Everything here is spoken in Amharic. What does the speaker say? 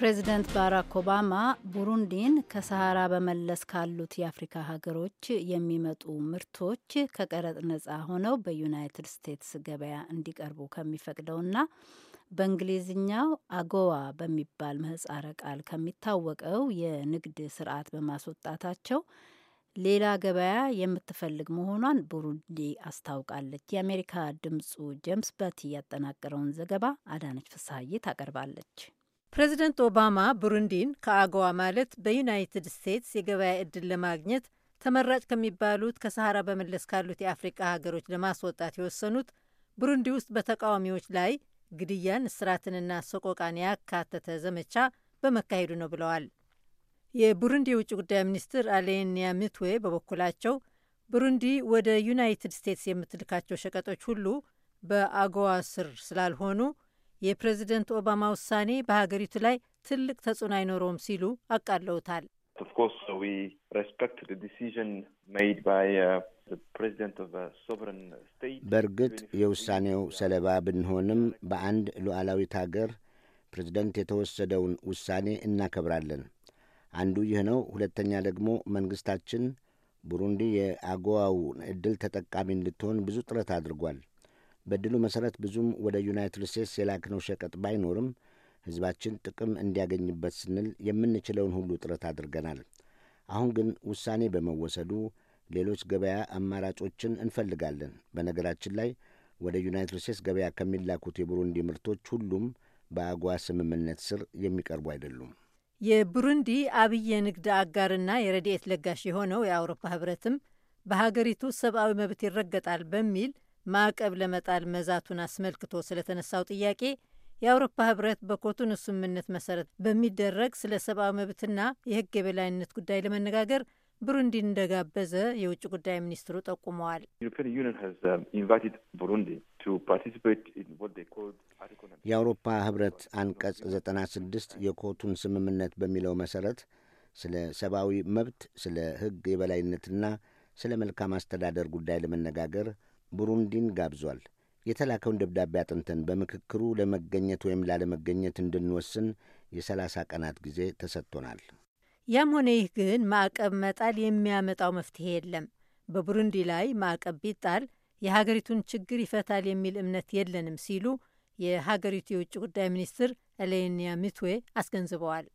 ፕሬዚደንት ባራክ ኦባማ ቡሩንዲን ከሰሃራ በመለስ ካሉት የአፍሪካ ሀገሮች የሚመጡ ምርቶች ከቀረጥ ነጻ ሆነው በዩናይትድ ስቴትስ ገበያ እንዲቀርቡ ከሚፈቅደውና በእንግሊዝኛው አጎዋ በሚባል ምህጻረ ቃል ከሚታወቀው የንግድ ስርዓት በማስወጣታቸው ሌላ ገበያ የምትፈልግ መሆኗን ቡሩንዲ አስታውቃለች። የአሜሪካ ድምጹ ጄምስ በቲ ያጠናቀረውን ዘገባ አዳነች ፍስሀዬ ታቀርባለች። ፕሬዚደንት ኦባማ ቡሩንዲን ከአገዋ ማለት በዩናይትድ ስቴትስ የገበያ ዕድል ለማግኘት ተመራጭ ከሚባሉት ከሰሃራ በመለስ ካሉት የአፍሪቃ ሀገሮች ለማስወጣት የወሰኑት ቡሩንዲ ውስጥ በተቃዋሚዎች ላይ ግድያን፣ እስራትንና ሰቆቃን ያካተተ ዘመቻ በመካሄዱ ነው ብለዋል። የቡሩንዲ የውጭ ጉዳይ ሚኒስትር አሌንያ ምትዌ በበኩላቸው ቡሩንዲ ወደ ዩናይትድ ስቴትስ የምትልካቸው ሸቀጦች ሁሉ በአገዋ ስር ስላልሆኑ የፕሬዝደንት ኦባማ ውሳኔ በሀገሪቱ ላይ ትልቅ ተጽዕኖ አይኖረውም ሲሉ አቃለውታል። uh, በእርግጥ የውሳኔው ሰለባ ብንሆንም በአንድ ሉዓላዊት ሀገር ፕሬዝደንት የተወሰደውን ውሳኔ እናከብራለን። አንዱ ይህ ነው። ሁለተኛ ደግሞ መንግስታችን ቡሩንዲ የአጎዋው ዕድል ተጠቃሚ እንድትሆን ብዙ ጥረት አድርጓል። በድሉ መሠረት ብዙም ወደ ዩናይትድ ስቴትስ የላክነው ሸቀጥ ባይኖርም ሕዝባችን ጥቅም እንዲያገኝበት ስንል የምንችለውን ሁሉ ጥረት አድርገናል። አሁን ግን ውሳኔ በመወሰዱ ሌሎች ገበያ አማራጮችን እንፈልጋለን። በነገራችን ላይ ወደ ዩናይትድ ስቴትስ ገበያ ከሚላኩት የቡሩንዲ ምርቶች ሁሉም በአጓ ስምምነት ስር የሚቀርቡ አይደሉም። የቡሩንዲ አብይ የንግድ አጋርና የረድኤት ለጋሽ የሆነው የአውሮፓ ህብረትም በሀገሪቱ ሰብአዊ መብት ይረገጣል በሚል ማዕቀብ ለመጣል መዛቱን አስመልክቶ ስለተነሳው ጥያቄ የአውሮፓ ህብረት በኮቶኑ ስምምነት መሰረት በሚደረግ ስለ ሰብአዊ መብትና የህግ የበላይነት ጉዳይ ለመነጋገር ብሩንዲን እንደጋበዘ የውጭ ጉዳይ ሚኒስትሩ ጠቁመዋል። um, የአውሮፓ ህብረት አንቀጽ ዘጠና የኮቱን ስምምነት በሚለው መሰረት ስለ ሰብአዊ መብት፣ ስለ ህግ የበላይነትና ስለ መልካም አስተዳደር ጉዳይ ለመነጋገር ቡሩንዲን ጋብዟል። የተላከውን ደብዳቤ አጥንተን በምክክሩ ለመገኘት ወይም ላለመገኘት እንድንወስን የሰላሳ ቀናት ጊዜ ተሰጥቶናል። ያም ሆነ ይህ ግን ማዕቀብ መጣል የሚያመጣው መፍትሄ የለም። በቡሩንዲ ላይ ማዕቀብ ቢጣል የሀገሪቱን ችግር ይፈታል የሚል እምነት የለንም ሲሉ የሀገሪቱ የውጭ ጉዳይ ሚኒስትር ኤሌኒያ ሚትዌ አስገንዝበዋል።